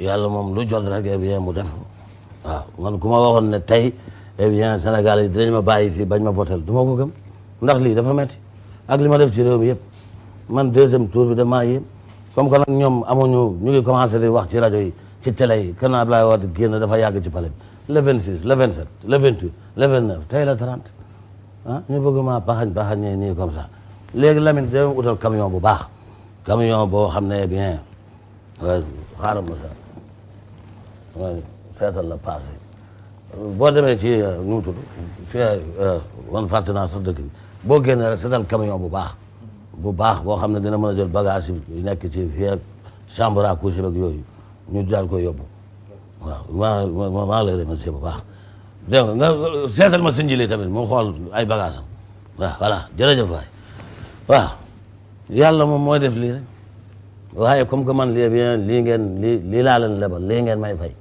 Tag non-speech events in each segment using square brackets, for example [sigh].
yàlla moom lu jot rek eh bien mu def waaw man ku ma waxoon ne tey eh bien Sénégal yi dinañ ma bàyyi fii bañ ma votel du ma ko gëm ndax lii dafa metti ak li ma def ci réew mi yëpp man deuxième tour bi damaa yéem comme que nag ñoom amuñu ñu ngi commencé di wax ci rajo yi ci télé yi kan Abdoulaye Wade génn dafa yàgg ci palais bi le 26 le 27 le 28 le 29 tey la 30 ah ñu bëgg maa baaxañ baaxañee nii comme ça léegi Lamine dama utal camion bu baax camion boo xam ne eh bien xaaral ma sax mooy feetal la paas yi boo demee ci euh, nu mu tudd fii euh, man fàtte naa sax dëkk bi boo génnee rek seetal camion bu baax bu baax boo xam ne dina mën a jël bagage yi nekk ci fii ak chambre à coucher ak yooyu ñu daal koy yóbbu waaw maa maa lay remercier bu baax dégg nga seetal ma sinjili tamit mu xool ay bagage am waaw voilà jërëjëf waay waaw yàlla moom mooy def lii rek waaye comme que man lii bien lii ngeen lii lii laa leen lebal lii ngeen may fay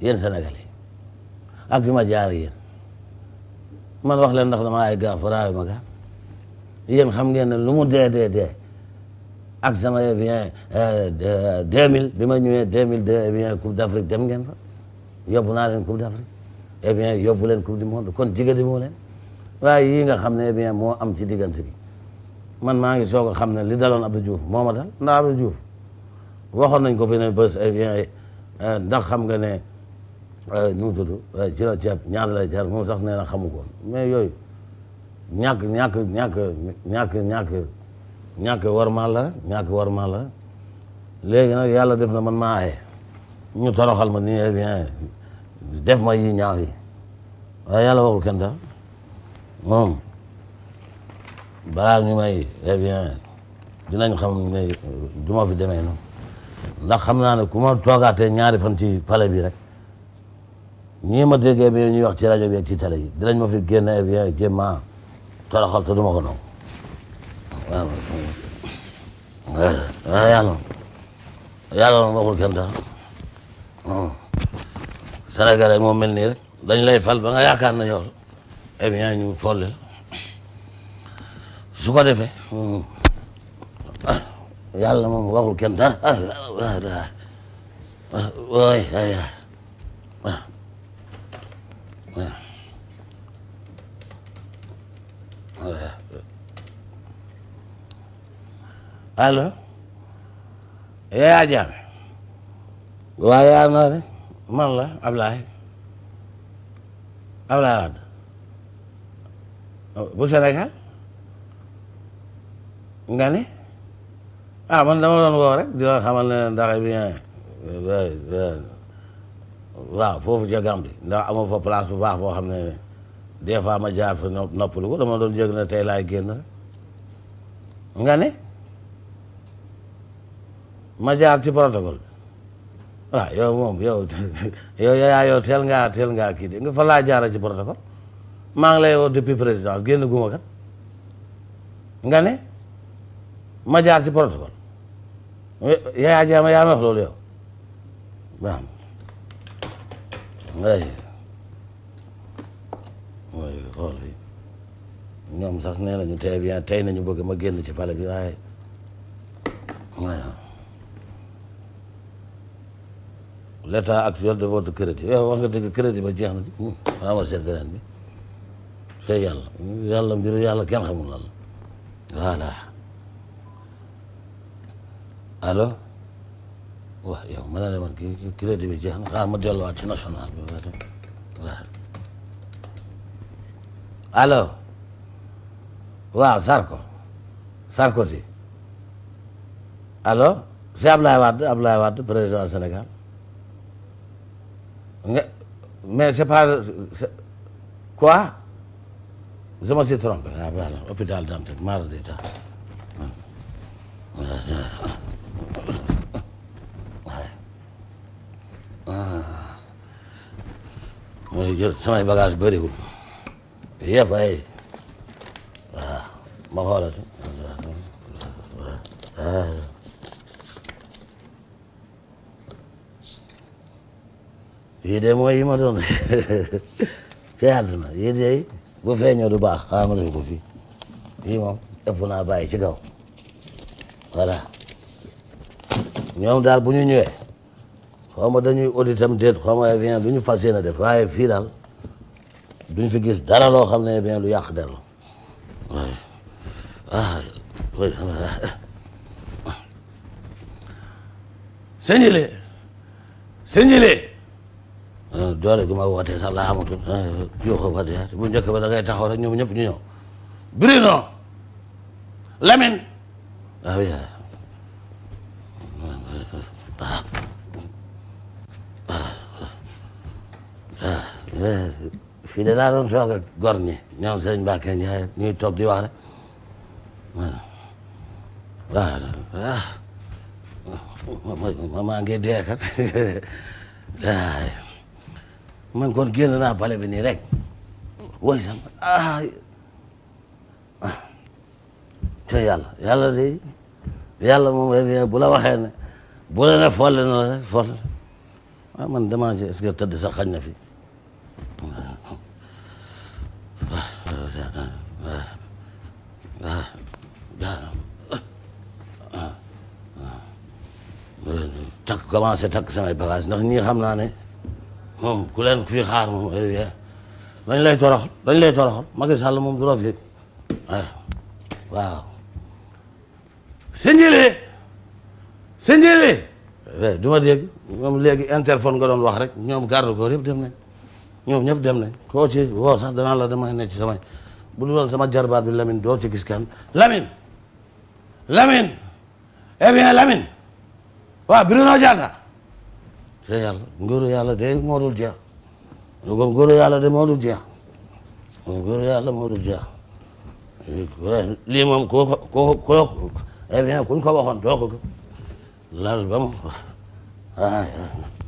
yéen sénégalais ak fi ma jaar yéen man wax leen ndax dama ay gaaf raawe ma gaaf yéen xam ngeen ne lu mu dee dee dee ak sama eh bien euh, deux mille bi ma ñëwee deux mille deux eh bien coupe d' afrique dem ngeen fa yóbbu naa leen coupe d' afrique eh bien yóbbu leen coupe du monde kon diggante moo leen waaye yii nga xam ne eh bien moo am ci diggante bi man maa ngi soog a xam ne li daloon Abdou Diouf moo ma dal ndax Abdou Diouf waxoon nañ ko fi ne bés eh bien euh, ndax xam nga ne. nu mu tudd ci la ceeb ñaata lay jar moom sax nee na xamu ko mais yooyu ñàkk ñàkk ñàkk ñàkk ñàkk ñàkk warmaal la ñàkk warmaal la léegi nag yàlla def na man maa aye ñu toroxal ma nii eh bien def ma yi ñaaw yi waaye yàlla waxul kenn daal moom balaa ñu may eh bien dinañ xam ne du ma fi demee noonu ndax xam naa ne ku ma toogaatee ñaari fan ci pale bi rek ñii ma dégg avion ñuy wax ci rajo bi ak ci télé yi ma fi génn avion yi jéem a du ma ko nangu waaw waaw yàlla yàlla moom waxul kenn dara hmm. Sénégalais moo mel nii rek dañ lay fal ba nga yaakaar na yow avion ñu folle su ko defee hmm. yàlla moom waxul kenn dara ah, Voilà. Voilà. allo. Yaya Jammeh. waaw yaa noo man la Ablaye Ablaye Wade bu Sénégal nga ah man dama doon woo rek di la xamal ne ndax eh eh, eh, waaw foofu ca Gambie ndax amoo fa place bu baax boo xam ne des fois ma jaar fa noppalu ko dama doon yëg ne tey laay génn nga ne ma jaar ci protocole waaw yow moom yow [laughs] yow yaa yow teel ngaa teel ngaa kii de nga fa laa jaara ci protocole maa ngi lay woo depuis présidence génn guma kat nga ne ma jaar ci protocole yaa jaama yaa ma loolu yow waaw ay mooy xool fi ñoom sax nee nañu tey bi tey nañu bëgg ma génn ci pale bi waaye waaye l'état actuel de votre crédit yow wax nga ba jeex na ci waaw hmm. ma seet beneen bi fee yàlla yàlla mbiru yàlla kenn xamul lan la voilà wax yow ma ne la man kii crédit bi jeex na xaar ma delluwaat ci national bi waaw Sarko Sarkozy allo si Ablaye Wade Ablaye Wade président Sénégal mais c'est pas quoi je me suis trompé ah voilà hôpital Dantec mardi jël samay bagage bëriwul yëpp ay waaw ma xoolati yii de mooy yi ma doon ci àdduna yii de bu feeñoo du baax xaa ah, ma def ko fii yii moom ëpp naa bàyyi ci kaw voilà ñoom daal bu ñu xaw ma dañuy auditam déet xaw ma eh fas yéene def waaye fii daal duñ fi gis dara loo xam ne eh bien lu yàq der la waaye ah oui sëñ Yile sëñ Yile ah, doole gu ma wootee sax laa amatul yoo ah, ba bu njëkk ba da ngay taxaw rek ñoom ñëpp ñu ñëw Bruno Lamine ah oui ah. fii de daa doon soog ak gor ñi ñoom sëñ Mbacke Ndiaye ñuy toog di wax rek waaw ah. waaw maa ngi dee kat [laughs] man kon génn naa pale bi nii rek woy sama ah te yàlla yàlla de yàlla moom eh bu la waxee ne bu la ne folle na la rek folle ah man damaa est-ce que tëdd sax xañ na fi. takk commencé takk samay bagage ndax ñii xam naa ne moom ku leen ku fi xaar moom dañ lay torox dañ lay toroxal Macky Sall moom du rof yi waaw sënjëlee sënjëlee duma dégg moom léegi interphone nga doon wax rek ñoom garde corps yëpp dem nañ ñoom ñëpp dem nañ koo ci woo sax danaa la damay nekk ci sama bu dul sama jarbaat bi Lamine doo ci gis kenn Lamine Lamine eh bien Lamine waaw Bruno Diatta te yàlla ngóoru yàlla de moo dul jeex kon yàlla de moo dul jeex kon ngóoru yàlla moo dul jeex ko ko ko eh lal ba mu [laughs]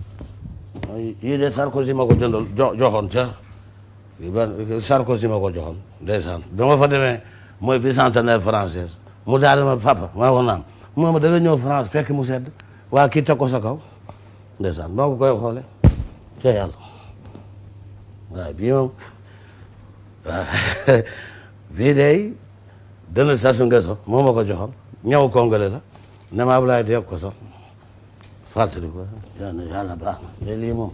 yii de Sarkozy ma ko jëndal Sarkozy ma ko joxoon ndeysaan dama fa demee mooy bicentenaire française mu daal dama papa ma ne naam mu ma da nga fekk mu sedd waa kii teg kaw ndeysaan moo ko koy xoole ca yàlla bii moom [laughs] bii day dana sasu nga so moo ma ko joxoon ñaw congolais la ne ma Ablaye di yëpp fàttali ko yàlla baax na te lii moom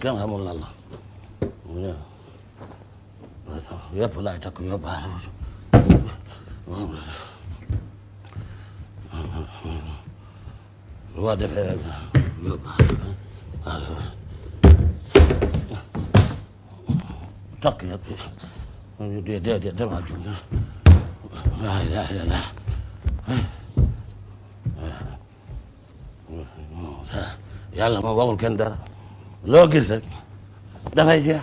kenn xamul lan la yëpp laay takk yóbbaale moom la su ko defee rek yóbbaale takk yëpp déedéet demal junne laa ilaaha illallaah yàlla moom waxul kenn dara loo gis rek dafay jeex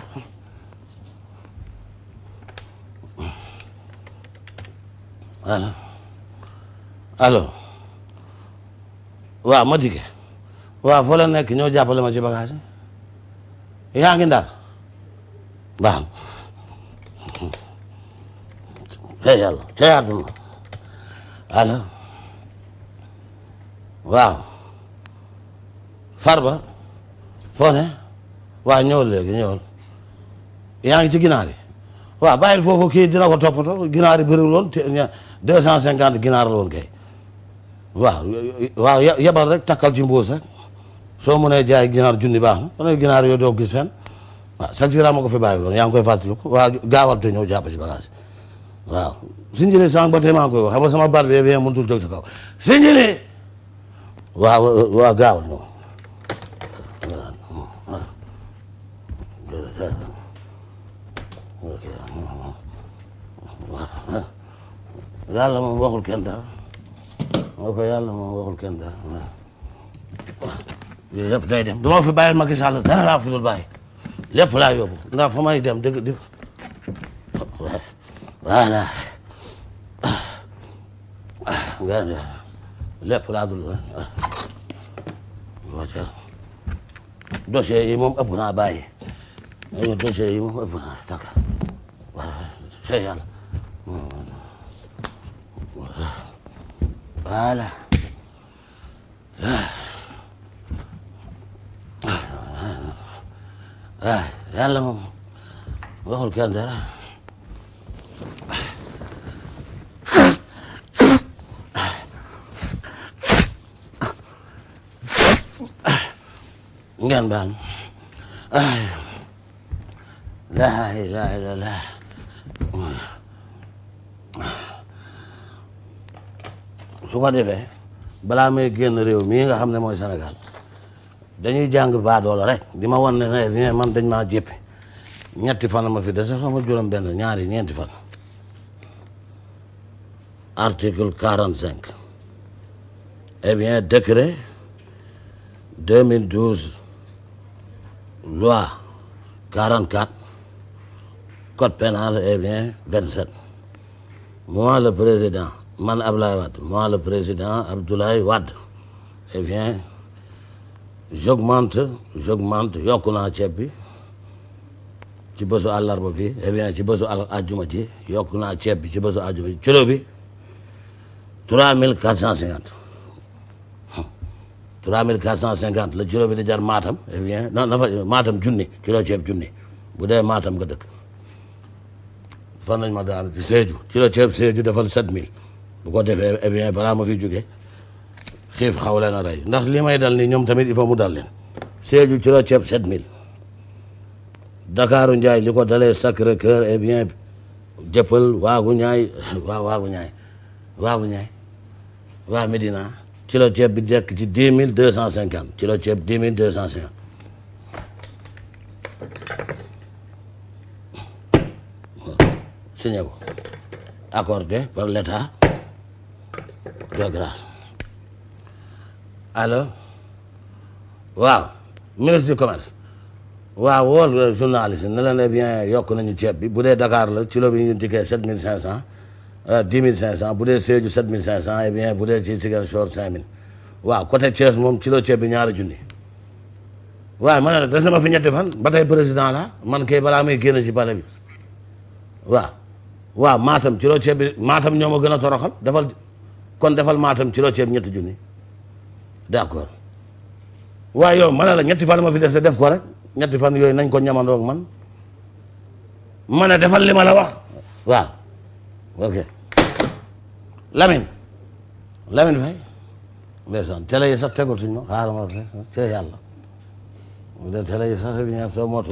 voilà alors waaw ma dige waaw foo la nekk ñoo ma ci bagage yaa ngi ndar baax na yàlla ca yàlla waaw Farba foo ne waaw ñëwal léegi ñëwal yaa ngi ci ginaar yi waaw bàyyil foofu kii dina ko toppatoo ginaar yi bëriwul woon te deux cent cinquante ginaar la woon kay waaw waaw yebal rek takkal ci mbuus rek soo mënee jaay ginaar junni baax na mënee ginaar yooyu doo gis fenn waaw sax si ma ko fi bàyyi woon yaa ngi koy fàttaliku waaw gaawal te ñëw jàpp ci bagage waaw suñ jëlee sànq ba tey maa ngi koy wax xam nga sama baat bi mënutul jóg ci kaw suñ jëlee waaw waaw gaawal ñëw yàlla moom waxul kenn dara moo ko yàlla moom waxul kenn dara yooyu yëpp day dem duma fi bàyyil Macky Sall dara laa futul bàyyi lépp laa yóbbu ndax fa may dem dëgg dëgg voilà gan lépp laa dul wooteel dossier yi moom ëpp naa bàyyi dossier yi moom ëpp naa takk waaw yàlla Voilà. ah yàlla moom waxul kenn dara ngeen baal ma laa ilaaha illallaah su ko defee balaa may génn réew mii nga xam ne mooy Sénégal dañuy jàng baadoola rek di ma wan ne nawet bi man dañ maa jéppi ñetti fan ma fi dese xam nga juróom-benn ñaari ñeenti fan. article quarante cinq eh bien décret deux mille douze loi quarant quatre code pénal eh bien vingt sept moi le président. man Ablaye Wade moi le président Abdoulaye Wade eh bien j'augmente j'augmente yokk naa ceeb bi ci bésu àllarba bi eh bien ci bésu àjjuma ji yokk naa ceeb bi ci bésu àjjuma ji kilo bi trois mille quatre cent cinquante hmm. trois mille quatre cent cinquante la kilo bi di jar maatam eh bien non maatam junni kilo ceeb junni bu dee maatam nga dëkk fan lañ ma daal ci Sédhiou kilo ceeb Sédhiou defal sept mille bu ko defee eh bien balaa ma fi jóge xiif xaw leen a ndax li may dal nii ñoom tamit il faut mu dal leen Sédhiou ci la ceeb 7000 Dakaaru Njaay li ko dalee Sacré Cœur eh bien jëppal waagu ñaay [laughs] waaw waagu ñaay waagu ñaay waa Médina ci la ceeb bi jekk ci 10 mille 250 ci la ceeb 10 mille 250 signé ko accordé par l'État de grâce allo waaw ministre du commerce waaw wool euh, journaliste ne la ne bien yokk nañu ceeb bi bu dee dakaar la kilo bi ñu dikkee sept mille cent euh, dix mille cinq bu dee Sédhiou sept mille cinq cent et eh bu dee ci Ziguinchor cinq mille waaw côté Thiès moom kilo ceeb bi ñaara junni waaw man ne des na ma fi ñetti fan ba tey président la man kay balaa may génn ci palais bi waaw waaw maatam kilo ceeb bi maatam ñoo ma gën a toroxal defal kon defal maatam ci loo ceeb ñetti junni d'accord waaye yow ma ne la ñetti fan ma fi dese def ko rek ñetti fan yooyu nañ ko ñamandoo man ma ne defal li ma la wax waaw ok Lamine Lamine Faye ndeysaan yi sax tegul suñ ma xaaral ma ci yàlla de yi sax bi ñaan soo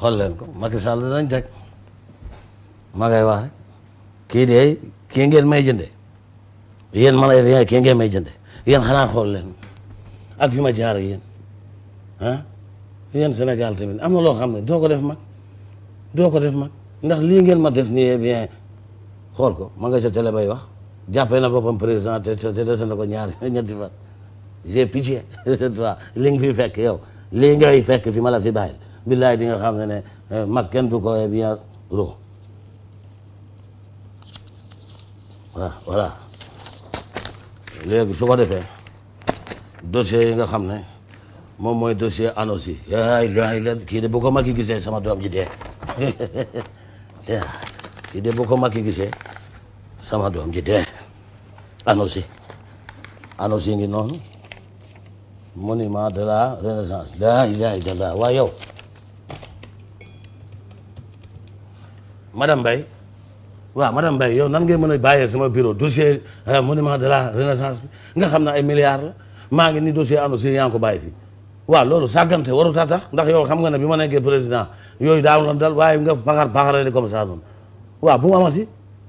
xol leen ko Macky Sall danañ teg ma ngay wax kii de kii ngeen may jënde yéen man ay kii ngeen may jënde yéen xanaa xool leen ak fi ma jaar yéen ah yéen Sénégal tamit am na loo xam ne doo ko def mag doo ko def mag ndax lii ngeen ma def nii eh bien xool ko ma nga ca télé bay wax jàppee na boppam président te te dese na ko ñaar [laughs] ñetti fan j'ai pitié [laughs] cette fois li fi fekk yo lii ngay fekk fi mala la fi bàyyil billaay di nga xam ne ne eh, mag kenn du ko eh bien ruux waaw voilà léegi su ko defee dossier yi nga xam ne moom mooy dossier ANOCI kii de bu ko Macky gisee sama doom ji dee [laughs] kii de bu ko Macky gisee sama doom ji dee ANOCI ANOCI ngi noonu monument de la renaissance laa ilaaha illallaah waa yow madame Mbaye waaw madame Mbaye yow nan ngay mën a bàyyee sama bureau dossier euh, monument de la renaissance nga xam ne ay milliards la maa ngi ni dossier ANACIM yaa ngi ko bàyyi fii waaw loolu sàggante warut a tax ndax yow xam nga ne bi ma nekkee président yooyu daaw loon dal waaye nga paxar paxaree di comme ça noonu waaw bu mu amati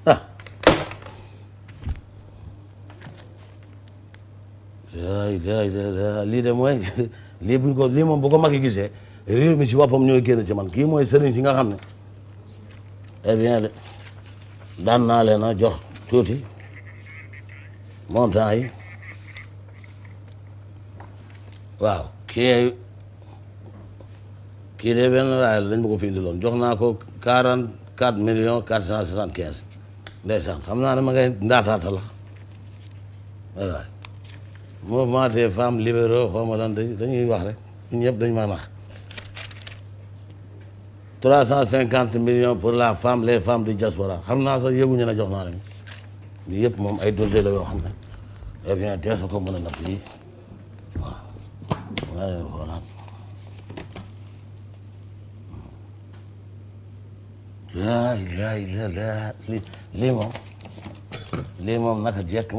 ah. lii de mooy [laughs] lii buñ ko lii moom bu ko mag yi gisee réew mi ci boppam ñooy génn ci man kii mooy sëriñ si nga xam ne eh daan naa leen jox tuuti montant waaw kii kii de benn waaye lañ ma ko fi indiloon jox naa ko quarante quatre millions quatre cent soixante quinze ndeysaan xam naa ne ma ngay ndaataata la waaw mouvement des femmes libéraux xaw ma dañuy wax rek ñun dañ ma nax trois cent cinquante millions pour la femme les femmes du diaspora xam naa sax yëguñu ne jox naa leen lii yëpp moom ay dossier la yoo xam ne eh bien dee su ko mën a napp lii waaw nga leen xoolaat laay laay la la li lii moom lii moom naka jekk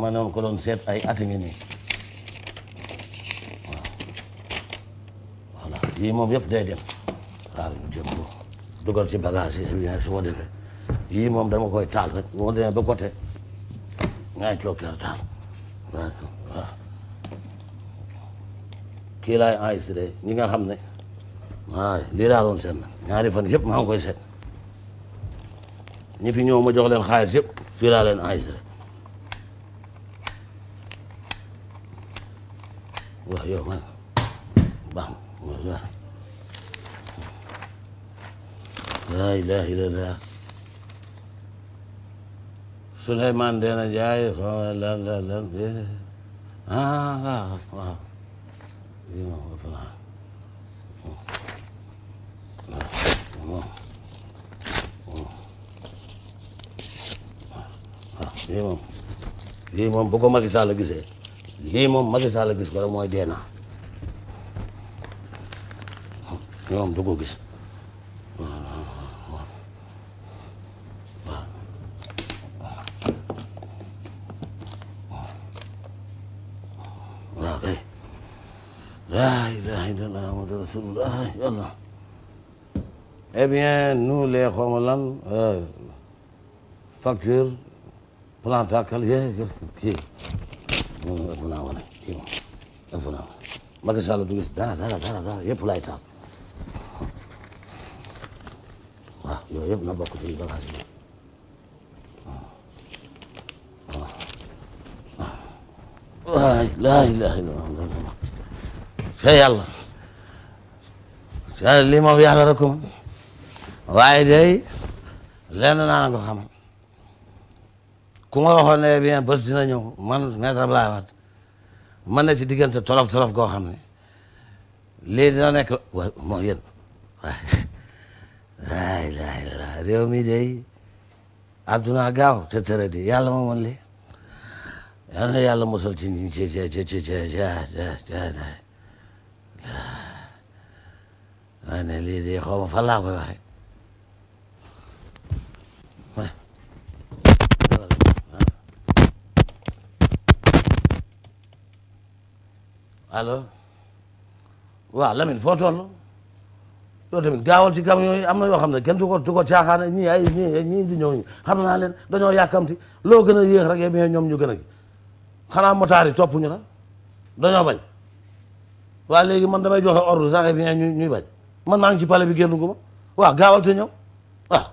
ma noonu ko doon seet ay ati ngi nii waaw voilà lii moom yëpp day dem jëm ko dugal ci bagage yi bien su ko defee yii moom dama koy taal rek moo demee ba côté ngay cokkeer taal waaw waaw ñi nga xam ne waaw lii ñaari fan yëpp maa ngi koy seet ñi fi ñëw ma jox leen xaalis yëpp laa ilaaha illallaah Souleymane Dena Ndiaye lan lan lan ah waaw waaw lii moom lii moom bu ko Macky Sall gisee lii moom gis ko rek mooy La ilaha illallah Muhammad Rasulullah Allah eh bien nous les xawma lan facture plan tàkkal ye kii moom ëpp naa wane kii moom ëpp naa wane Macky Sall du gis dara dara dara dara yëpp laay taal waaw yooyu yëpp na bokk ci bagage yi waaw la ilaha illallah te yàlla te moom yàlla rek ko waaye day lenn naa la ko xamal ku ma waxoon ne bien bés dina ñëw man maître Abdoulaye Wade man na ci diggante tolof tolof goo xam ne lii dina nekk wa moo yéen waay laay la réew mi day adduna gaaw te tëra di yàlla moo mën lii yal na yàlla mosal ci ci ci ci ci maa ah, lii de xaw ma fan laa koy waxee ah. allo waaw Lamine foo toll yow tamit gaawal ci camion yi am na yoo xam ne kenn du ko du ko ay ñii ñii di ñëw xam naa leen dañoo yàkkamti loo gën a yéex rek eh, mais ñoom ñu gën a gi xanaa motaar yi ñu la dañoo bañ waaye léegi man damay joxe ordre sax et bien ñuy bañ man maa ngi ci palais bi génn gu waa waaw gaawal te ñëw waaw